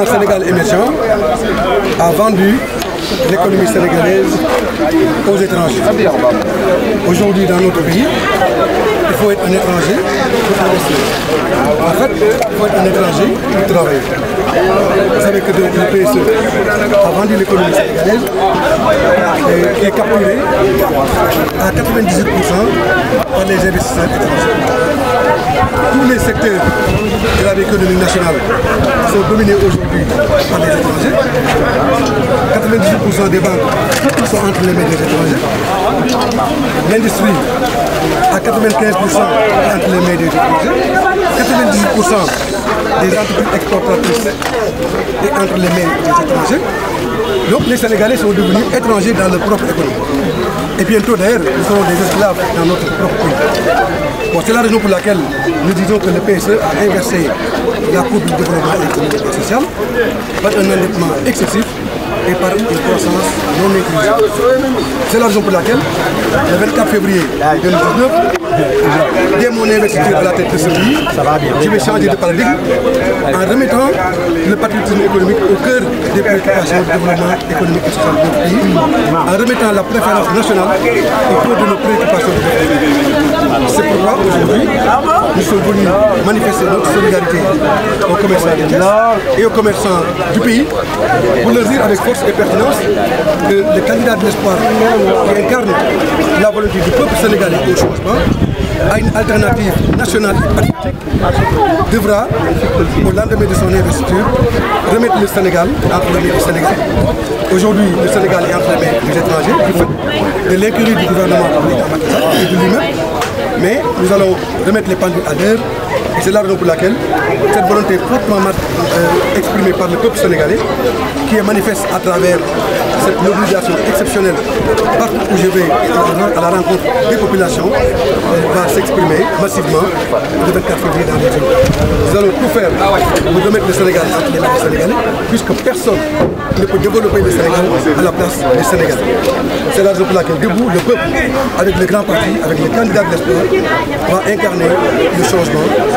le Sénégal émergent a vendu l'économie sénégalaise aux étrangers. Aujourd'hui, dans notre pays, il faut être un étranger pour investir. En fait, il faut être un étranger pour travailler. Vous savez que le PSE a vendu l'économie sénégalaise et est capturé à 98% par les investisseurs étrangers tous les secteurs de la nationale sont dominés aujourd'hui par les étrangers. 98% des banques sont entre les mains des étrangers. L'industrie à 95% entre les mains des étrangers. 98% des entreprises exportatrices est entre les mains des étrangers. Donc les Sénégalais sont devenus étrangers dans leur propre économie. Et bientôt d'ailleurs, nous serons des esclaves dans notre propre pays. c'est la raison pour laquelle nous disons que le PSE a inversé la courbe du développement économique et social par un endettement excessif et par une croissance non maîtrisée. C'est la raison pour laquelle, le 24 février 2019, dès mon investiture de la tête de ce pays, je vais changer de paradigme en remettant le patriotisme économique au cœur des préoccupations du développement économique et social de notre pays, en remettant la préférence nationale au cœur de nos préoccupations. C'est pourquoi aujourd'hui, nous sommes venus manifester notre solidarité aux commerçants de et aux commerçants du pays pour leur dire avec force et pertinence que le candidat de l'espoir qui incarne la volonté du peuple sénégalais au changement à une alternative nationale et patriotique devra, au lendemain de son investiture, remettre le Sénégal entre les du Sénégal. Aujourd'hui, le Sénégal est entre les mains des étrangers, du de l'incurie du gouvernement et de lui-même, mais nous allons remettre les pendules à l'air c'est la raison pour laquelle cette volonté fortement euh, exprimée par le peuple sénégalais, qui est manifeste à travers cette mobilisation exceptionnelle partout où je vais euh, à la rencontre des populations, euh, va s'exprimer massivement le 24 février dans les Nous allons tout faire pour remettre le Sénégal à les Sénégalais, puisque personne ne peut développer le Sénégal à la place des Sénégalais. C'est la raison pour laquelle debout, le peuple, avec le grand parti, avec les candidats de l'espoir, va incarner le changement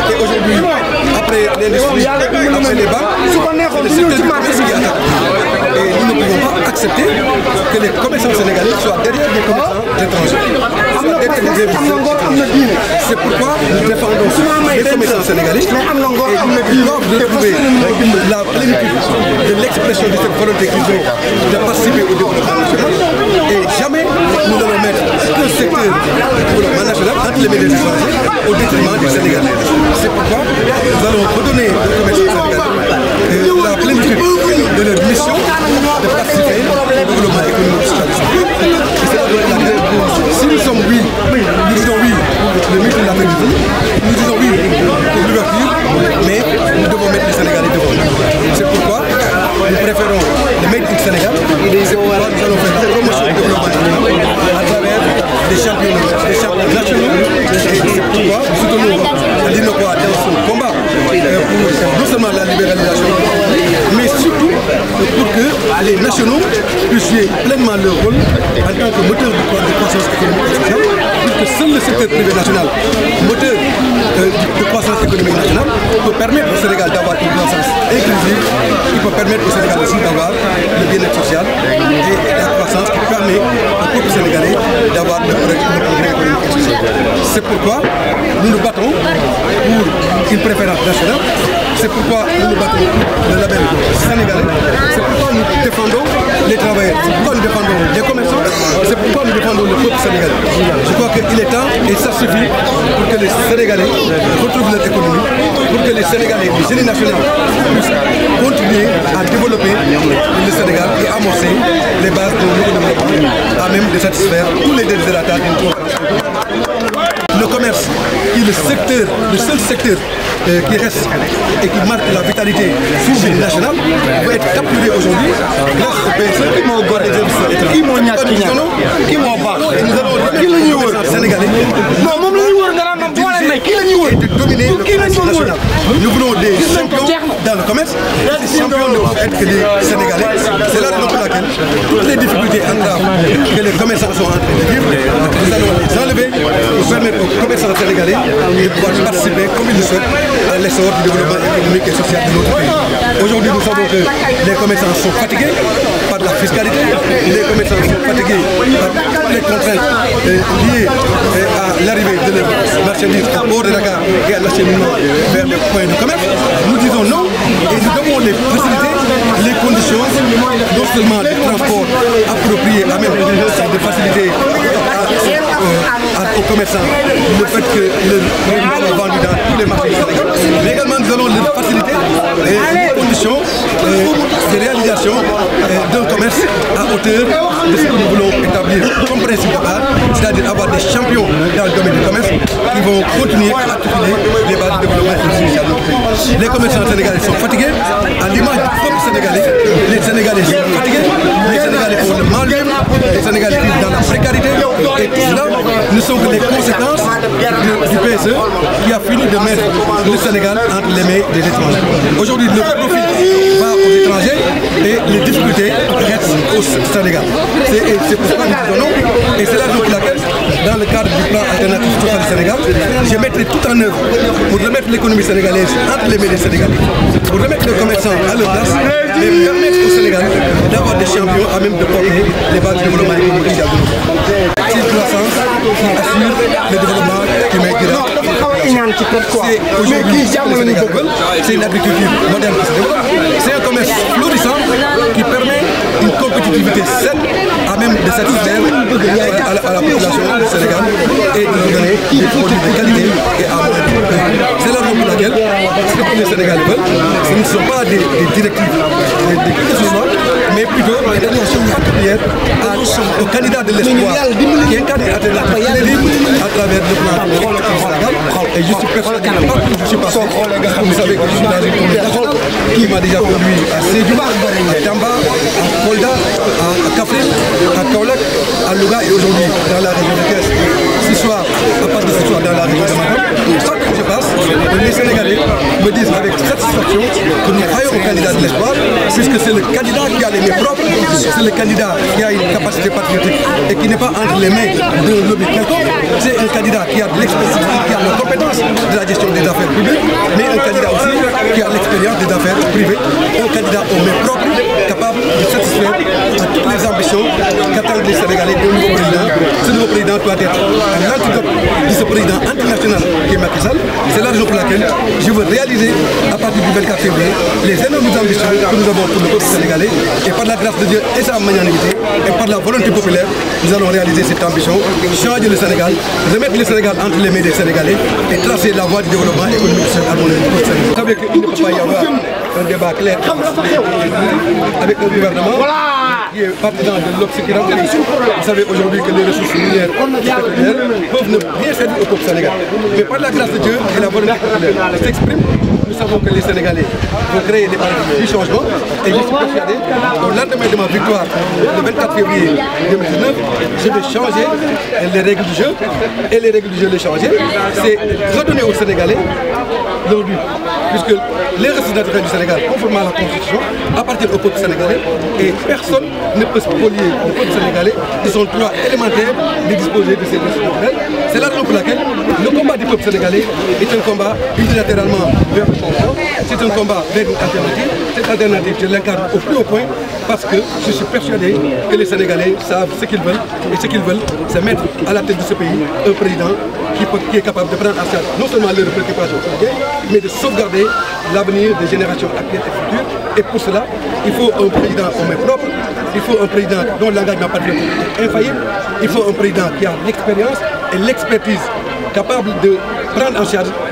accepter que les commerçants sénégalais soient derrière des commerçants étrangers c'est pourquoi nous défendons les commerçants sénégalais mais nous devons la plénitude de l'expression de cette volonté qu'ils ont de participer au développement et jamais nous ne mettre que le secteur pour le management entre les médias au détriment du sénégalais c'est pourquoi nous allons redonner aux commerçants sénégalais euh, la plénitude de leur mission de participer au développement nationaux je suis pleinement le rôle en tant que moteur de, croissance économique nationale, puisque seul le secteur privé national, moteur euh, de croissance économique nationale, peut permettre au Sénégal d'avoir une croissance inclusive, qui peut permettre au Sénégal aussi d'avoir le bien-être social et la croissance qui permet au peuple sénégalais d'avoir le progrès économique C'est pourquoi nous nous battons pour une préférence nationale, c'est pourquoi nous nous battons pour le label sénégalais, c'est pourquoi nous défendons les travailleurs, c'est pourquoi nous défendons les commerçants, c'est pourquoi nous défendons le peuple sénégalais. Je crois qu'il est temps et ça suffit pour que les Sénégalais retrouvent leur économie, Sénégal Sénégalais le génie national continuer à développer le Sénégal et amorcer les bases de à même de satisfaire tous les désirateurs d'une le commerce qui est le secteur, le seul secteur euh, qui reste et qui marque la vitalité du national va être capturé aujourd'hui grâce au qui m'ont mais la nous voulons des champions dans le commerce ces champions ne peuvent être que des Sénégalais c'est que nous pour laquelle toutes les difficultés en que les commerçants sont en train de vivre nous allons les enlever nous permettre aux commerçants sénégalais de pouvoir participer comme ils le souhaitent à l'essor du développement économique et social de notre pays aujourd'hui nous savons que les commerçants sont fatigués fiscalité, les commerçants sont fatigués par les contraintes liées à l'arrivée de leurs marchandises à bord de la gare et à l'acheminement vers le point de commerce. Nous disons non et nous devons les faciliter les conditions, non seulement les transports appropriés à même de faciliter aux commerçants le fait que le marchandises soit vendu dans tous les marchés Mais également, nous allons les faciliter les conditions euh, de réalisation euh, d'un commerce à hauteur de ce que nous voulons établir comme principe de c'est-à-dire avoir des champions dans le domaine du commerce qui vont continuer à articuler les bases de développement Les commerçants sénégalais sont fatigués, à l'image du peuple sénégalais, les Sénégalais sont fatigués, les Sénégalais font le mal les Sénégalais vivent dans la précarité, et tout cela ne sont que les conséquences du PSE qui a fini de mettre le Sénégal entre les mains des étrangers. Aujourd'hui, le profil aux étrangers et les difficultés restent au Sénégal. C'est pour ça que nous donnons et c'est la raison pour laquelle dans le cadre du plan alternatif du Sénégal, je mettrai tout en œuvre pour remettre l'économie sénégalaise entre les mains des Sénégalais, pour remettre le commerçant à leur place et permettre au Sénégal d'avoir des champions à même de porter les bases du développement économique C'est une croissance qui assure le développement qui C'est aujourd'hui c'est une agriculture moderne qui se c'est un commerce florissant qui permet une compétitivité saine à même de satisfaire euh, à la population au Sénégal et de leur donner des produits de qualité et à bon C'est la raison pour laquelle ce que les Sénégalais veulent, ce ne sont pas des, des directives, des, des mais plutôt une des attentions particulières aux candidat de l'espoir qui est candidat de la incarnent à travers le plan Sénégal et je suis persuadé que partout je suis passé, vous savez que je suis dans une commune qui m'a déjà conduit à Sédouba, à Tamba, à Kolda, à Kafrine, à Kaolak, à Louga et aujourd'hui dans la région que ce soir, à part de ce soir dans la région de Maroc, chaque fois que je passe, les Sénégalais me disent avec satisfaction que nous croyons au candidat de l'espoir, puisque c'est le candidat qui a les mains propres, c'est le candidat qui a une capacité patriotique et qui n'est pas entre les mains de lobby c'est un candidat qui a de l'expertise, qui a la compétence de la gestion des affaires publiques, mais un candidat aussi qui a l'expérience des affaires privées, un candidat au mes propre, capable de satisfaire toutes les ambitions qu'attendent les Sénégalais le nouveau président. Ce nouveau président doit être un antidote de ce président international qui est Macky C'est la raison pour laquelle je veux réaliser à partir du 24 février les énormes ambitions que nous avons pour le peuple sénégalais et par la grâce de Dieu et sa magnanimité et par la volonté populaire, nous allons réaliser cette ambition, changer le Sénégal, remettre le Sénégal entre les mains des Sénégalais et tracer la voie du développement économique à mon ne peut y avoir un débat clair avec le gouvernement qui est partisan de l'obscurité. Vous savez aujourd'hui que les ressources minières peuvent ne rien servir au peuple sénégalais. Mais par la grâce de Dieu et la volonté populaire s'exprime nous savons que les Sénégalais vont créer des du changement et je suis persuadé qu'au lendemain de ma victoire, le 24 février 2019, je vais changer les règles du jeu et les règles du jeu les changer. C'est redonner aux Sénégalais puisque les résidents naturelles du Sénégal, conformément à la Constitution, appartiennent au peuple sénégalais et personne ne peut se polier au peuple sénégalais ont le droit élémentaire de disposer de ces ressources naturelles. C'est la raison pour laquelle le combat du peuple sénégalais est un combat unilatéralement vers le c'est un combat vers une alternative. Cette alternative, je l'incarne au plus haut point parce que je suis persuadé que les Sénégalais savent ce qu'ils veulent. Et ce qu'ils veulent, c'est mettre à la tête de ce pays un président qui, est capable de prendre en charge non seulement leurs préoccupations, mais de sauvegarder l'avenir des générations actuelles et futures. Et pour cela, il faut un président en main propre, il faut un président dont l'engagement de est infaillible, il faut un président qui a l'expérience et l'expertise capable de prendre en charge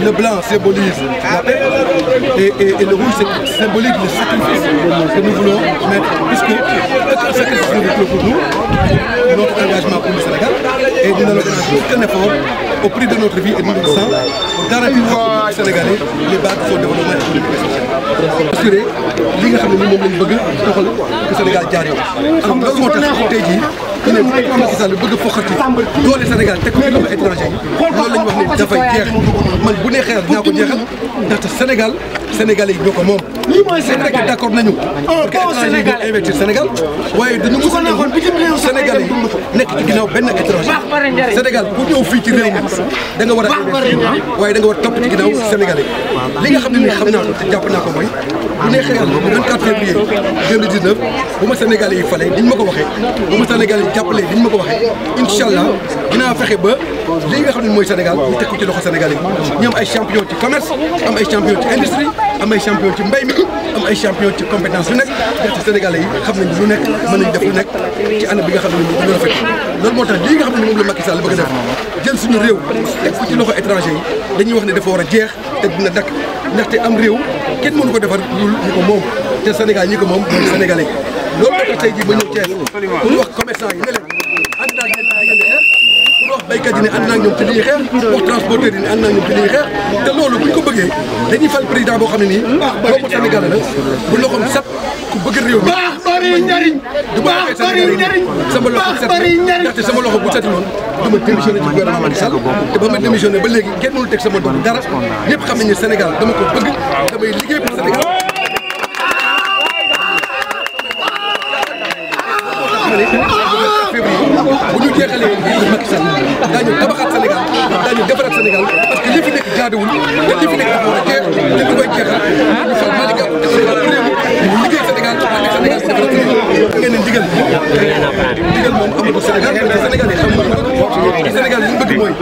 le blanc symbolise la paix et, et, et le rouge symbolise le sacrifice que nous voulons mettre, puisque aucun sacrifice ne pour nous, notre engagement pour le Sénégal, et nous allons faire un effort au prix de notre vie et de notre sang pour garantir aux Sénégalais les bases de son développement économique. Assurer li nga xam ne moom lañ bëgg doxal Sénégal jaar yoon. xam nga moo tax tey jii keneen bu fekkee Macky Sall bëgg foqati doole Sénégal teg ko ci loxo étranger loolu la ñu wax ne dafay jeex man bu neexee ak dinaa ko jeexal ndaxte Sénégal Sénégalais yi ñoo ko moom. seen rek d'accord nañu pour que étranger yi investir Sénégal waaye dañu mos a ñëw Sénégalais yi nekk ci ginnaaw benn étranger Sénégal pour ñëw fii ci réew mi da nga war a investir waaye da nga war a topp ci ginnaaw Sénégalais li nga xam ne xam naa ko te jàpp naa ko mooy bu neexee yàlla bu 24 février 2019 bu ma Sénégalais yi falee niñ ma ko waxee bu ma Sénégalais jàppale li mako ma ko dina fexé ba li nga xamné moy Sénégal ñu teg ko ci loxo Sénégalais yi am ay champion ci commerce am ay champion ci industrie am ay champion ci mbay mi am ay champion ci compétence lu nekk ndaxte Sénégalais yi xam nañ lu nekk mën nañ def lu nekk ci année bi nga xamné ne moom la fekk lool motax li nga xamné ne moom la Macky Sall bëgg def jël suñu réew teg ko ci loxo étranger yi dañuy wax ne dafa war a jeex te dina dakk ndaxte am réew kenn mënu ko defar lul ñu ko moom te Sénégal ñi ko moom mooy sénégalais loolu moo tax tey jii ba ñëw Thiès pour ñu wax commerçant yi ne leen ànd naa ngeen ci ngeen xeex pour wax béykat yi ne xeex te loolu bu ñu ko bëggee dañuy fal président boo xam ne nii doomu Sénégal la bu loxoom set ku bëgg réew mi bari njariñ baax bari njariñ sama loxo bari njariñ ndaxte sama loxo bu set noonu dama démissionné ci gouvernement Macky Sall te ba ma démissionné ba léegi kenn mënul teg sama doom dara liggéey pour Sénégal Filme, deixa bu ñu jeexalee lii Macky Sall daañu tabaxaat Sénégal daañu defaraat Sénégal parce que li fi nekk jaaduwul te li fi nekk dafa war a jeex te du koy jeexal ñu fal Malick Gakou def Sénégal réew mi liggéey Sénégal ak Sénégal defaraat Sénégal da ngeen ne ndigal ndigal moom amatul Sénégal Sénégal yi xam nga Sénégal li ñu bëgg mooy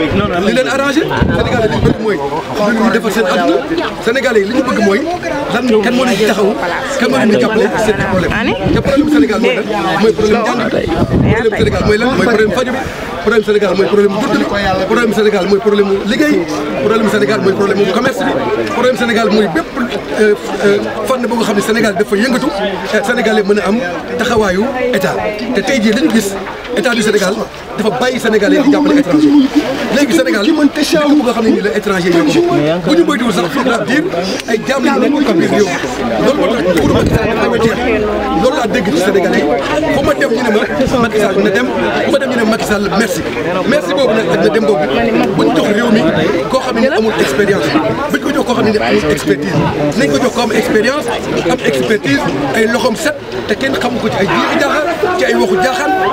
li leen arrangé Sénégal li ñu bëgg mooy lu ñu defar seen àdduna Sénégal yi li ñu bëgg mooy lan kan moo leen taxaw kan moo leen jàppale seen problème te problème Sénégal mooy lan mooy problème jàng problème Sénégal mooy lan mooy problème faju bi problème Sénégal mooy problème dund bi problème Sénégal mooy problème liggéey problème Sénégal mooy problème commerce bi problème Sénégal mooy bépp euh, euh, fànn boo nga xam ne Sénégal dafa yëngatu Sénégalais mën a am taxawaayu état te tey jii dañu gis état du Sénégal dafa bàyyi sénégalais yi di jàppale étranger léegi Sénégal dëkk bu nga xam ne nii la étranger ñoo ko bokk bu ñu moytuwul sax foofu laa diir ay jaam yi nekk ko biir réew loolu moo tax pour Macky Sall dama jeex loolu laa dégg ci sénégalais yi fu ma dem ñu ne ma Macky Sall na dem fu ma dem ñu ne Macky Sall merci merci boobu nag ak na dem boobu bu ñu jox réew mi koo xam amul expérience bu ñu ko jox koo xam ne amul expertise nañ ko jox ko am expérience am expertise ay loxoom set te kenn xamu ko ci ay jiixi jaaxal ci ay waxu jaaxal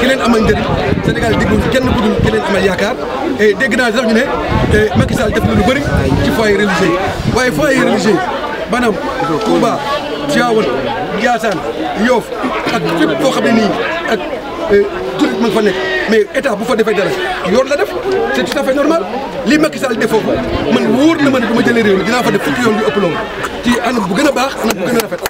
ki leen amal njëriñ Sénégal dégluñ kenn ku dul ki leen amal yaakaar et dégg naa sax ñu ne Macky Sall def na lu bëri ci foyer religieux yi waaye foyer religieux yi maanaam Touba Tivaouane Ndiassane Yoff ak fépp foo xam ne nii ak jullit ma fa nekk mais état bu fa defee dara yoon la def c' est tout à fait normal li Macky Sall def foofu man wóor na ma ne bu ma jëlee réew mi dinaa fa def fukki yoon yu ëpp loolu ci anam bu gën a baax anam bu gën a rafet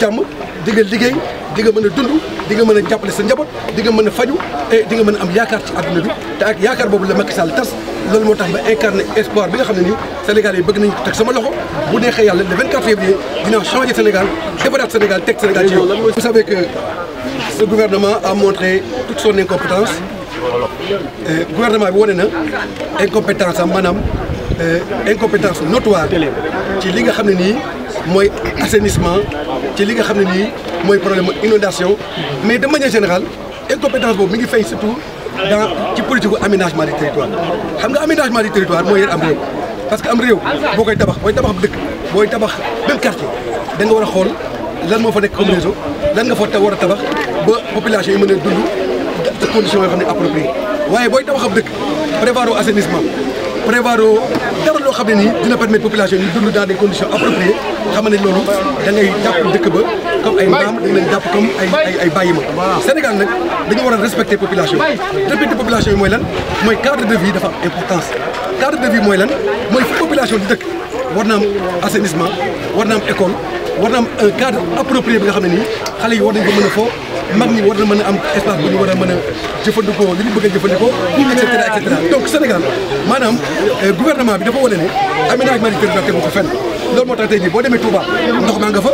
jàmm di nga liggéey di nga mën a dund di nga mën a jàppale sa njaboot di nga mën a faju et di nga mën a am yaakaar ci adduna bi te ak yaakaar boobu la Macky tas loolu moo tax ma espoir bi nga xam ne nii Sénégal yi bëgg nañu teg sama loxo bu neexee yàlla le 24 février dina changé Sénégal defaraat Sénégal teg Sénégal ci yow. vous savez que ce gouvernement a montré toute son incompétence euh, gouvernement bi wane na incompétence am euh, incompétence notoire ci li nga xam ne nii assainissement ci li nga xam ne nii mooy problème inondation mais de manière générale incompétence boobu mi ngi feeñ surtout dans ci politique aménagement du territoire xam nga aménagement du territoire mooy yër am réew parce que am réew boo koy tabax booy tabax dëkk booy tabax même quartier da nga war a xool lan moo fa nekk comme réseau lan nga fa war a tabax ba population yi mën a dund conditions yoo xam ne approprié waaye booy tabax ab dëkk prévoir assainissement prévoir dara loo xam ne dina permettre population yi dund dans des conditions appropriées xamné lolu da ngay jàpp dëkk ba comme ay maam da nga leen comme ay ay ay bayima Sénégal nak dañu war a respecter population depuis respecter population moy lan moy cadre de vie dafa am importance cadre de vie moy lan moy population di dëkk war na am assainissement war na am école war na am un cadre approprié bi nga xamné ni xalé yi war nañ ko mën a mag ñi war na mën a am espace bu ñu war a mën a jëfandikoo li ñu bëgg a jëfandikoo et cetera et donc Sénégal maanaam euh, gouvernement bi dafa wane ne aménagement du territoire tegu ko fenn loolu moo boo demee Touba ndox maa nga fa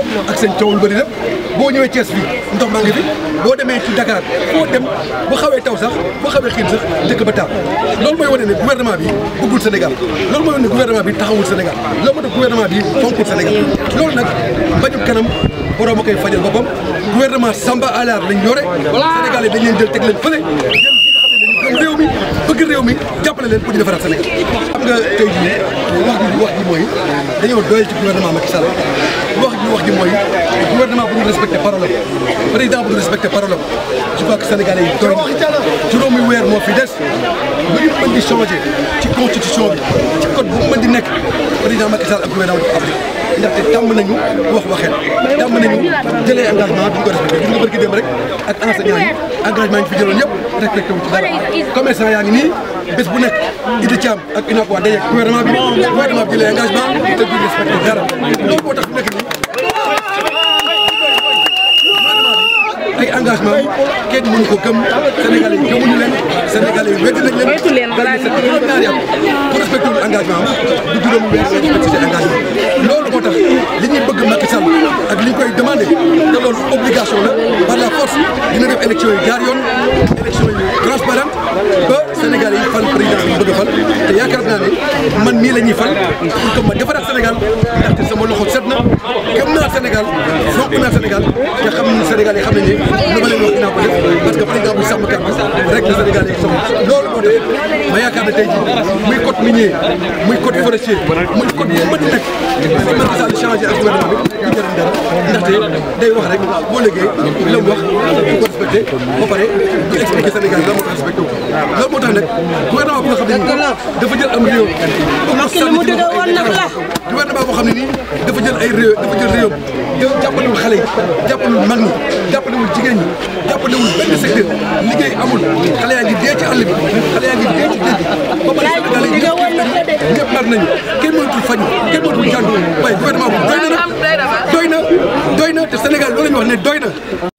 boo ñëwee Thiès fii ndox maa nga fi boo demee ci Dakar foo dem bu xawee taw sax bu xawee xiin dëkk ba taal loolu mooy wane ne gouvernement bi bëggul Sénégal loolu mooy wane ne gouvernement bi taxawul Sénégal loolu moo tax gouvernement bi fonkul Sénégal loolu nag bañu kanam borom a koy fajal boppam gouvernement Samba Alar lañ ñoré sénégalais dañ leen jël tek leen feulé jël réew mi bëgg réew mi jàppale leen pour ñu defaraat Sénégal xam nga tey jii wax ji wax ji mooy dañoo doyal ci gouvernement Macky Sall wax ji wax ji mooy gouvernement bu ñu respecté parole président bu ñu respecté parole je crois que sénégalais yi doy juróomi weer moo fi des lu ñu mën di changé ci constitution bi ci code bu mu di nekk président Macky Sall ak gouvernement Afrique ndaxte tàmm nañu wax waxeet tàmm nañu jëlee engagement duñ ko respecté gis nga barki dem rek ak enseignant yi engagement fi jëloon yëpp respecté wu ci dara commerçant yaa ngi nii bu Idi ak gouvernement bi gouvernement bi jëlee engagement te duñ respecté dara loolu moo tax fi nekk ay engagement kenn mënu ko gëm Sénégalais Sénégalais yi wétu nañ leen bala bi set xam naa yàpp bu respecté wul engagement am du juróomi weer nga respecté engagement loolu moo tax li ñuy bëgg Macky Sall ak li ñu koy demandé te loolu obligation la par la force dina def élection yi jaar yoon élection yi transparente ba Sénégal yi fal président bi bëgg a fal te yaakaar naa ne man nii la ñuy fal pour que ma defaraat Sénégal ndaxte sama loxo set na gëm naa Sénégal sopp naa Sénégal te xam ne Sénégal yi xam nañ ne lu ma leen wax dinaa ko def parce que par exemple sàmmkat bi rek la Sénégal yi soxla loolu moo tax ma yaakaar ne tey jii muy code minier muy code forestier muy code bu mën nag si mën sall changé ak gouvernement bi du jëriñ dara ndaxte day wax rek boo liggéey la mu wax du ko respecté ba pare du expliqué Sénégal la moo ko respecté loolu moo tax nag gouvernement boo xam ne nii dafa jël am réew gouvernement boo xam ne nii ay réew dafa jël réewam yow jàppalewul xale yi jàppalewul mag ñi jàppalewul jigéen ñi jàppalewul benn secteur liggéey amul xale yaa ngi dee ci àll bi xale yaa ngi dee ci géej gi ba pare Sénégal yi ñëpp mar nañu kenn mënatul faj kenn mënatul jàng waaye gouvernement bu doy na nag doy na doy na te Sénégal loolu la ñu wax ne doy na